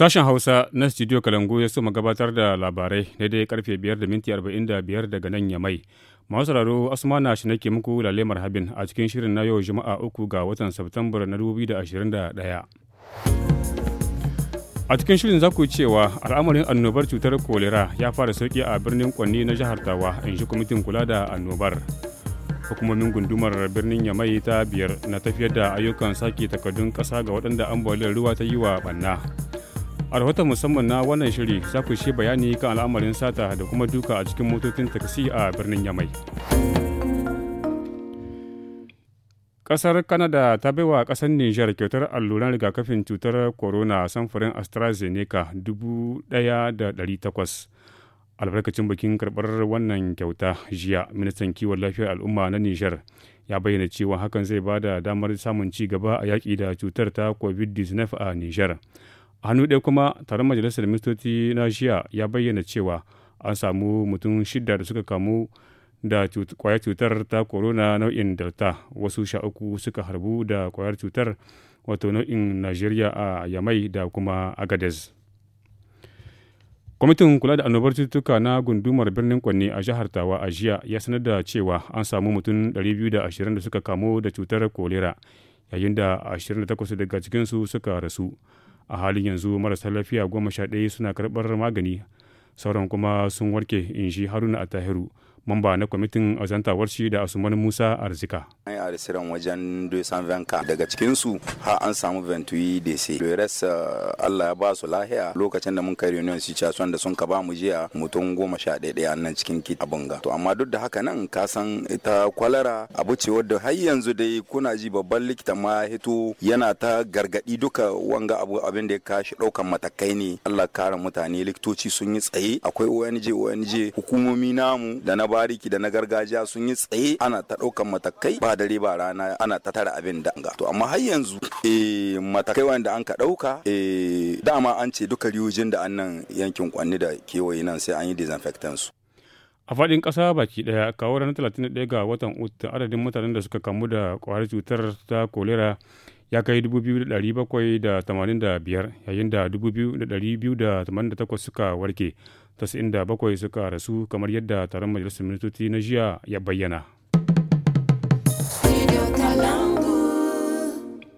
Sashen Hausa na Studio Kalangu ya so gabatar da labarai daidai karfe 5 da minti 45 daga nan ya mai. Masu sauraro Asmana shi nake muku lalemar habin a cikin shirin na yau Juma'a uku ga watan Satumbar na 2021. A cikin shirin za ku cewa al'amarin annobar cutar kolera ya fara sauki a birnin Kwanni na jihar Tawa in shi kwamitin kula da annobar. hukumomin gundumar birnin yamai ta biyar na tafiyar da ayyukan sake takardun ƙasa ga waɗanda ambaliyar ruwa ta yi wa ɓanna a rahoton musamman na wannan shiri za ku shi bayani kan al'amarin sata da kuma duka a cikin motocin taksi a birnin yamai ƙasar kanada ta baiwa ƙasar niger kyautar alluran rigakafin cutar corona samfurin astrazeneca 1,800 albarkacin bikin karɓar wannan kyauta jiya ministan kiwon lafiyar al'umma na niger ya bayyana cewa hakan zai ba da damar samun ci gaba a yaƙi da cutar ta covid-19 a niger hannu ɗaya kuma taron majalisar ministoci na jiya ya bayyana cewa an samu mutum shida da suka kamu da kwayar cutar ta corona nau'in delta wasu sha uku suka harbu da kwayar cutar wato nau'in nigeria a yamai da kuma agadez kwamitin kula da annobar cututtuka na gundumar birnin kwanne a jihar tawa a jiya ya sanar da cewa an samu mutum 220 da suka kamu da cutar kolera yayin da 28 daga cikinsu suka rasu a halin yanzu marasa lafiya goma sha ɗaya suna karɓar magani sauran kuma sun warke in shi haruna a tahiru mamba na kwamitin a ta shi da asuman musa arzika an yi arisiran wajen 220 ka daga cikinsu har an samu venturi dc lores uh, allah ya ba su lahiya lokacin da mun kai reunion si cason da sun ka ba mu jiya mutum goma sha ɗaya nan cikin kit abunga to amma duk da haka nan ka san ita kwalara abu ce wadda har yanzu dai kuna ji babban likita ma hito yana ta gargaɗi duka wanga abu abin da ya kashi ɗaukan matakai ne allah kara mutane likitoci sun yi tsaye akwai ong ong hukumomi namu da na bariki da na gargajiya sun yi tsaye ana ta ɗaukan matakai ba dare ba rana ana ta tara abin ga to amma har yanzu eh matakai wanda an ka ɗauka eh dama an ce duka riyojin da annan yankin kwanni da kewaye nan sai an yi disinfectant su a faɗin ƙasa baki ɗaya kawo ranar 31 ga watan ut adadin mutanen da suka kamu da ƙwayar cutar ta kolera ya kai 2,785 yayin da 2,288 suka warke 97 suka rasu kamar yadda taron majalisar ministoci na jiya ya bayyana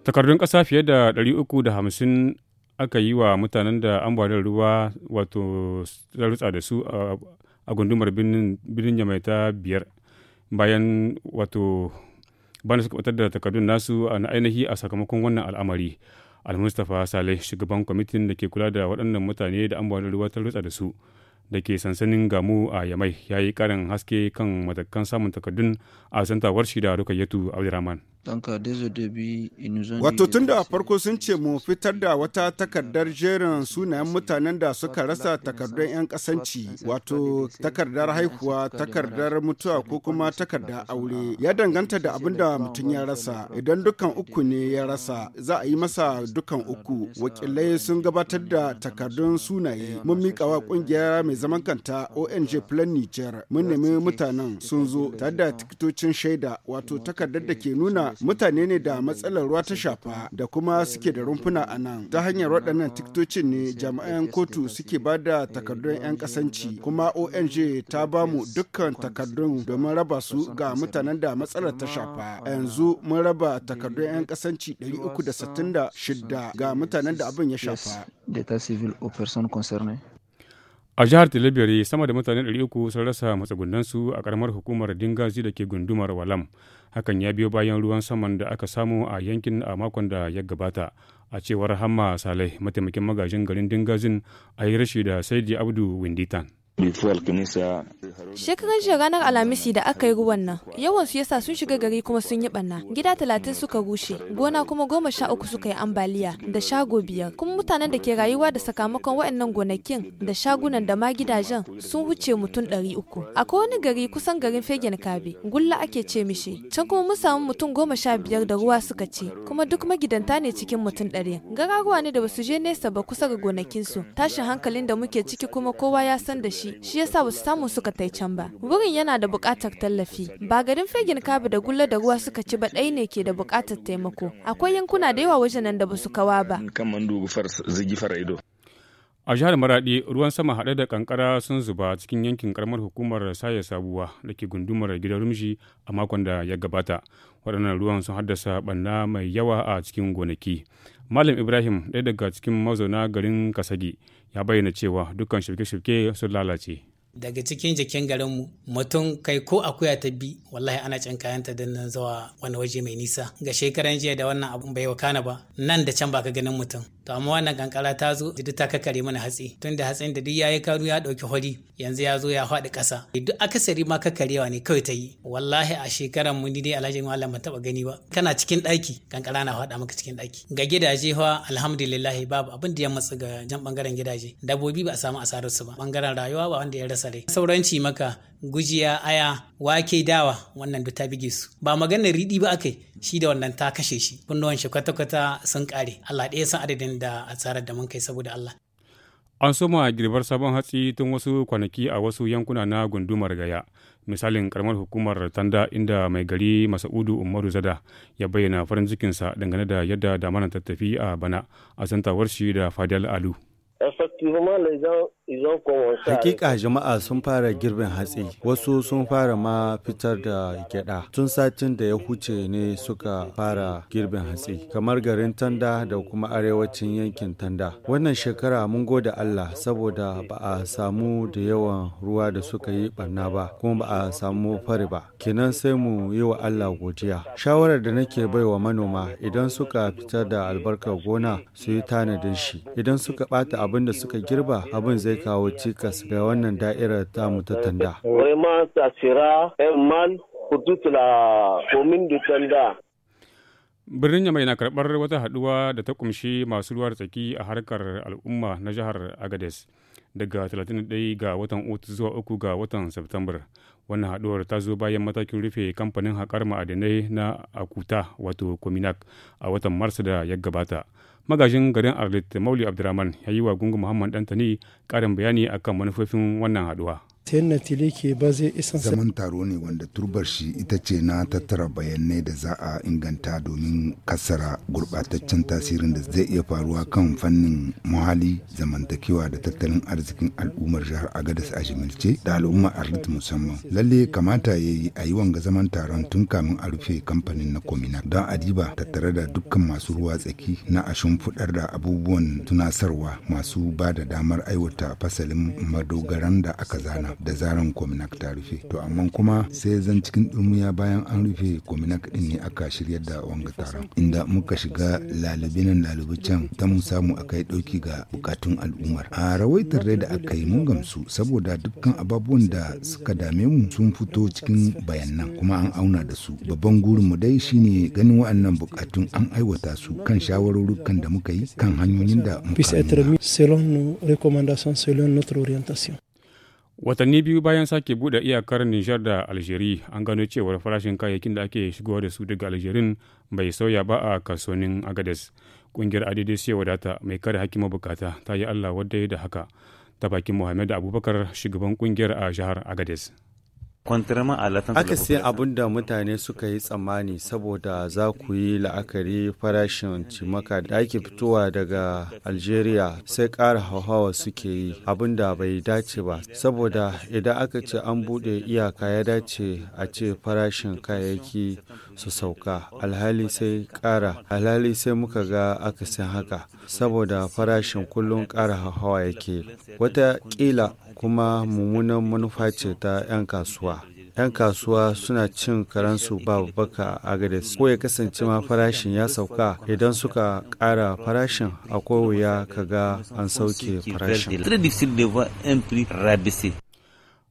takardun kasa fiye da 350 aka yi wa mutanen da ambaliyar ruwa wato rutsa da su a gundumar birnin jamaita biyar bayan wato bani suka batar da takardun nasu a na ainihi a sakamakon wannan al'amari almustapha saleh shugaban kwamitin da ke kula da waɗannan mutane da ambaliyar ruwa ta rutsa da su da ke sansanin gamu a yamai ya yi karin haske kan matakan samun takardun a santawar shida rukayyatu abdurrahman Wato tun da farko sun ce mu fitar da wata takardar jerin sunayen mutanen da suka rasa takardar 'yan kasanci wato takardar haihuwa takardar mutuwa ko kuma takardar aure ya danganta da abin da mutum ya rasa idan dukkan uku ne ya rasa za a yi masa dukkan uku wakilai sun gabatar da takardun sunaye mun mika wa kungiyar mai zaman kanta ONG Plan Niger mun nemi mutanen sun zo tare da tikitocin shaida wato takardar da ke nuna mutane ne da matsalar ruwa ta shafa da kuma suke da rumfuna a nan. Ta hanyar waɗannan tiktocin ne jami'an kotu suke ba da takardun 'yan kasanci kuma ONG ta ba mu dukkan takardun domin raba su ga mutanen da matsalar ta shafa. A yanzu mun raba takardun 'yan kasanci 366 ga mutanen da abin ya shafa. a jihar tilibiri sama da mutane 300 sun rasa matsugunansu a karamar hukumar dingazi da ke gundumar walam hakan ya biyo bayan ruwan saman da aka samu a yankin a makon da ya gabata a cewar hamma salai mataimakin magajin garin dingazin a yi rashi da saidi abdu winditan Shekaran jiya ranar Alhamisi da aka yi ruwan nan, yawan su yasa sun shiga gari kuma sun yi ɓanna. Gida talatin suka rushe, gona kuma goma sha uku suka yi ambaliya da shago biyar. Kuma mutanen da ke rayuwa da sakamakon waɗannan gonakin da shagunan da ma gidajen sun wuce mutum ɗari uku. Akwai wani gari kusan garin Fegen Kabe, gulla ake ce mishi. Can kuma mun samu mutum goma sha biyar da ruwa suka ce, kuma duk magidanta ne cikin mutum ɗari. Gararuwa ne da basu je nesa ba kusa ga gonakinsu. Tashin hankalin da muke ciki kuma kowa ya san da shi. shi shi yasa ba su samu suka tai can ba wurin yana da buƙatar tallafi ba garin fegin kabi da gulla da ruwa suka ci ba ɗaya ne ke da buƙatar taimako akwai yankuna da yawa wajen nan da ba su kawa ba A jihar maraɗi ruwan sama haɗe da kankara sun zuba cikin yankin karamar hukumar Saye Sabuwa da ke gundumar gidan Rumshi a makon da ya gabata. Waɗannan ruwan sun haddasa ɓanna mai yawa a cikin gonaki. Malam Ibrahim, ɗaya daga cikin mazauna garin Kasagi, ya bayyana cewa dukkan shirke-shirke sun lalace. daga cikin jikin garinmu mutum kai ko akuya ta bi wallahi ana cin kayanta da nan zuwa wani waje mai nisa ga shekaran jiya da wannan abun bai wakana ba nan da can baka ganin mutum to amma wannan kankara ta zo duk ta kakare mana hatsi Tun da hatsin da duk yayi karu ya dauki hori yanzu ya zo ya faɗi ƙasa duk akasari ma kakarewa ne kawai ta yi wallahi a shekaran mu ni dai alhaji malam taba gani ba kana cikin ɗaki kankara na faɗa maka cikin ɗaki ga gidaje fa alhamdulillah babu abin da ya matsa ga jan bangaren gidaje dabbobi ba a samu asararsu ba bangaren rayuwa ba wanda ya rasa rai sauranci maka gujiya aya wake dawa wannan duk ta bige su ba maganar riɗi ba aka shi da wannan ta kashe shi kunnuwan shi kwata-kwata sun kare Allah ɗaya san adadin da asarar da mun kai saboda Allah an soma girbar sabon hatsi tun wasu kwanaki a wasu yankuna na gundumar gaya misalin karamar hukumar tanda inda mai gari masa'udu umaru zada ya bayyana farin cikinsa dangane da yadda damanar tattafi a bana a santawar shi da fadal alu Hakika jama'a sun fara girbin hatsi, wasu sun fara ma fitar da gyada. Tun satin da ya huce ne suka fara girbin hatsi, kamar garin Tanda da kuma arewacin yankin Tanda. Wannan shekara mun gode Allah saboda ba a samu da yawan ruwa da suka yi barna ba, kuma ba a samu fari ba. Kenan sai mu yi wa Allah godiya. Shawarar da nake baiwa manoma idan suka fitar da albarkar gona su yi tanadin shi. Idan suka bata abin da suka ka girba abin zai kawo cikas ga wannan da'irar tamu ta tanda. Birnin Yamai na karɓar wata haɗuwa da ta kumshi masu ruwa tsaki a harkar al'umma na jihar Agades daga 31 ga watan Otu zuwa 3 ga watan september Wannan haɗuwar ta zo bayan matakin rufe kamfanin haƙar ma'adanai na Akuta wato Kominak a watan Mars da ya gabata. magajin garin arlit mauli abdurrahman ya yi wa gungun muhammad dantani karin bayani akan manufofin wannan haduwa zaman taro ne wanda turbar shi ita ce na tattara bayanai da za a inganta domin kasara gurbataccen tasirin da zai iya faruwa kan fannin muhali zamantakewa da tattalin arzikin al'ummar jihar agadas a jimilce da al'umma arlit musamman lalle kamata ya yi a yi wanga zaman taron tun kamin a rufe kamfanin na komina don adiba tattare da dukkan masu ruwa tsaki na ashin mun fudar da abubuwan tunasarwa masu ba da damar aiwata fasalin madogaran da aka zana da zaran kominak ta rufe to amma kuma sai zan cikin dumiya bayan an rufe kominak din ne aka shirya da wanga taron inda muka shiga lalubinan lalubucan ta mu samu a kai ɗauki ga bukatun al'ummar a rawaitar da aka yi mun gamsu saboda dukkan ababuwan da suka dame mu sun fito cikin bayanan kuma an auna da su babban gurin mu dai shine ganin waɗannan bukatun an aiwata su kan shawarurrukan da muka yi kan hanyoyin da orientation. Watanni biyu bayan sake buɗe iyakar Nijar da Algeri an gano cewar farashin kayayyakin da ake shigowa da su daga Algerin bai sauya ba a kasuwannin Agades. Ƙungiyar sai wadata mai kare hakkin mabukata ta yi Allah wadda da haka ta bakin Muhammad Abubakar shugaban ƙungiyar a jihar Agades. Aka sai abin da mutane suka yi tsammani saboda za ku yi la'akari farashin cimaka da ake fitowa daga Algeria sai kara hauhawa suke yi abin da bai dace ba saboda idan aka ce an buɗe iyaka ya dace a ce farashin kayayyaki su sauka alhali sai ƙara alhali sai muka ga aka san haka saboda farashin kullum ƙara hauhawa yake wata ƙila kuma mummunan manufa ce ta 'yan kasuwa. 'yan kasuwa suna cin karansu ba baka a agades ko ya kasance ma farashin ya sauka idan suka ƙara farashin akwai wuya kaga an sauke farashin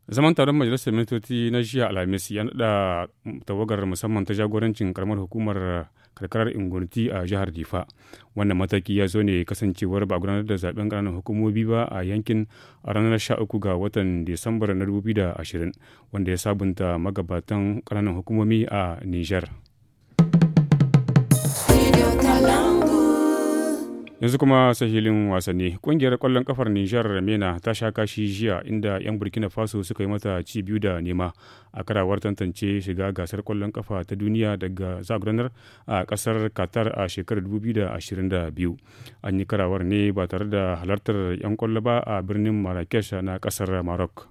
zaman taron majalisar ministoci na jiya alhamis ya nada tawagar musamman ta jagorancin karamar hukumar karkarar ingurti a jihar difa wannan mataki ya zo ne kasancewar ba gudanar da zaben ƙananan hukumomi ba a yankin a ranar 13 ga watan disambar na 2020 wanda ya sabunta magabatan ƙananan hukumomi a niger. yanzu kuma sahilin wasanni kungiyar kwallon kafar nijar mena ta sha kashi jiya inda 'yan burkina faso suka yi mata ci biyu da nema a karawar tantance shiga gasar kwallon kafa ta duniya daga zagranar a kasar qatar a shekarar 2022 an yi karawar ne ba tare da halartar 'yan kwallo ba a birnin marrakesh na kasar maroc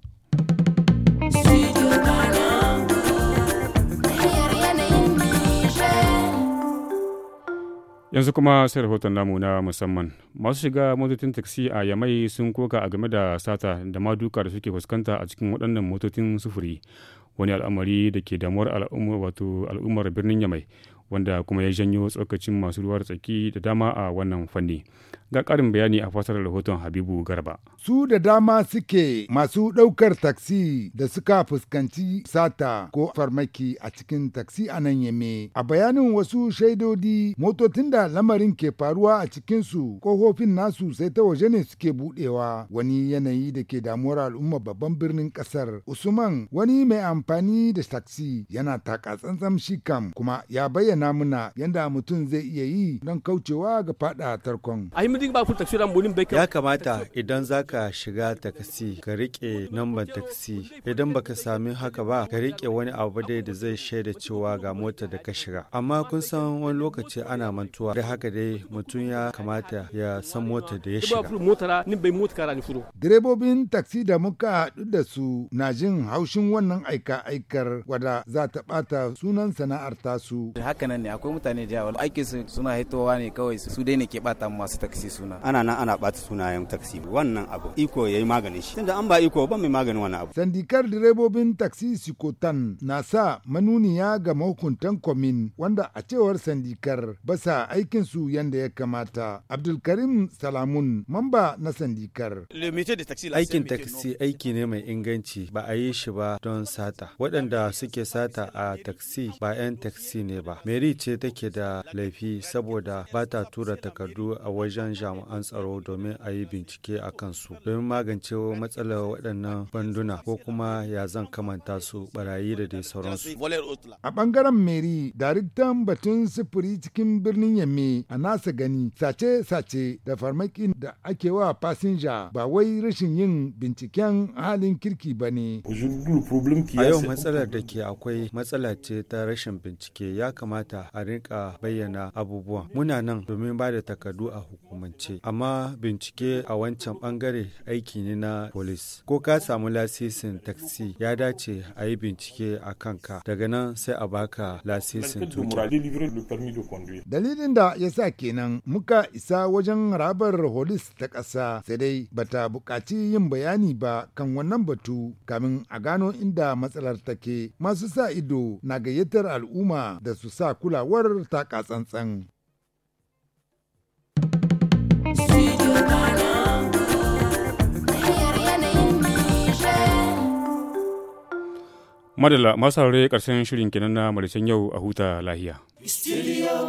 yanzu kuma sai rahoton namu na musamman masu shiga motocin taxi a yamai sun koka a game da sata da ma duka da suke fuskanta a cikin waɗannan motocin sufuri wani al'amari da ke damuwar al'ummar birnin yamai wanda kuma ya janyo tsokacin masu ruwar tsaki da dama a wannan fanni ga karin bayani a fasarar rahoton habibu garba su da dama suke masu ɗaukar taksi da suka fuskanci sata ko farmaki a cikin taksi a nan yame a bayanin wasu shaidodi motocin da lamarin ke faruwa a cikinsu kofofin nasu sai ta waje ne suke buɗewa wani yanayi da ke damuwar al'umma babban birnin ƙasar usman wani mai amfani da taksi yana taka tsantsan shi kam kuma ya bayyana bayyana muna yadda mutum zai iya yi don kaucewa ga fada tarkon. Ya kamata idan za ka shiga taksi ka riƙe namban taksi idan baka sami haka ba ka riƙe wani abu dai da zai shaida cewa ga mota da ka shiga. Amma kun san wani lokaci ana mantuwa da haka dai mutum ya kamata ya san mota da ya shiga. Direbobin taksi da muka haɗu da su na jin haushin wannan aika-aikar wadda za ta ɓata sunan sana'ar tasu. Haka nan ne akwai mutane da yawa aikin su suna haitowa ne kawai su dai ne ke bata masu taksi suna ana nan ana bata sunayen taksi wannan abu iko yayi maganin shi tunda an ba iko ban mai maganin wannan abu sandikar direbobin taksi sikotan na sa manuniya ga mahukuntan komin wanda a cewar sandikar ba sa aikin su yanda ya kamata abdulkarim salamun mamba na sandikar aikin taksi aiki ne mai inganci ba a yi shi ba don sata waɗanda suke sata a taksi ba 'yan taksi ne ba me Meri ce take da laifi saboda ba ta tura takardu a wajen jami'an tsaro domin a yi bincike a kansu domin magance matsalar waɗannan banduna ko kuma ya zan kamanta su barayi da dai sauransu. A ɓangaren Meri, daraktan batun sufuri cikin birnin Yamme a nasa gani sace-sace da farmaki da ake wa fasinja ba wai rashin yin binciken halin kirki ba ne. A yau matsalar da ke akwai matsala ce ta rashin bincike ya kamata kamata a rinka bayyana abubuwan muna nan domin ba da takardu a hukumance amma bincike a wancan bangare aiki ne na polis ko ka samu lasisin taksi ya dace a yi bincike a kanka daga nan sai a baka lasisin dalilin da ya sa kenan muka isa wajen harabar holis ta ƙasa sai dai bata bukaci yin bayani ba kan wannan batu kamin a gano inda matsalar take masu sa ido na gayyatar al'umma da su sa kulawar kulawar tsantsan. Madalla masu haure ƙarshen shirin kenan na Malicin yau a huta lahiya. Studio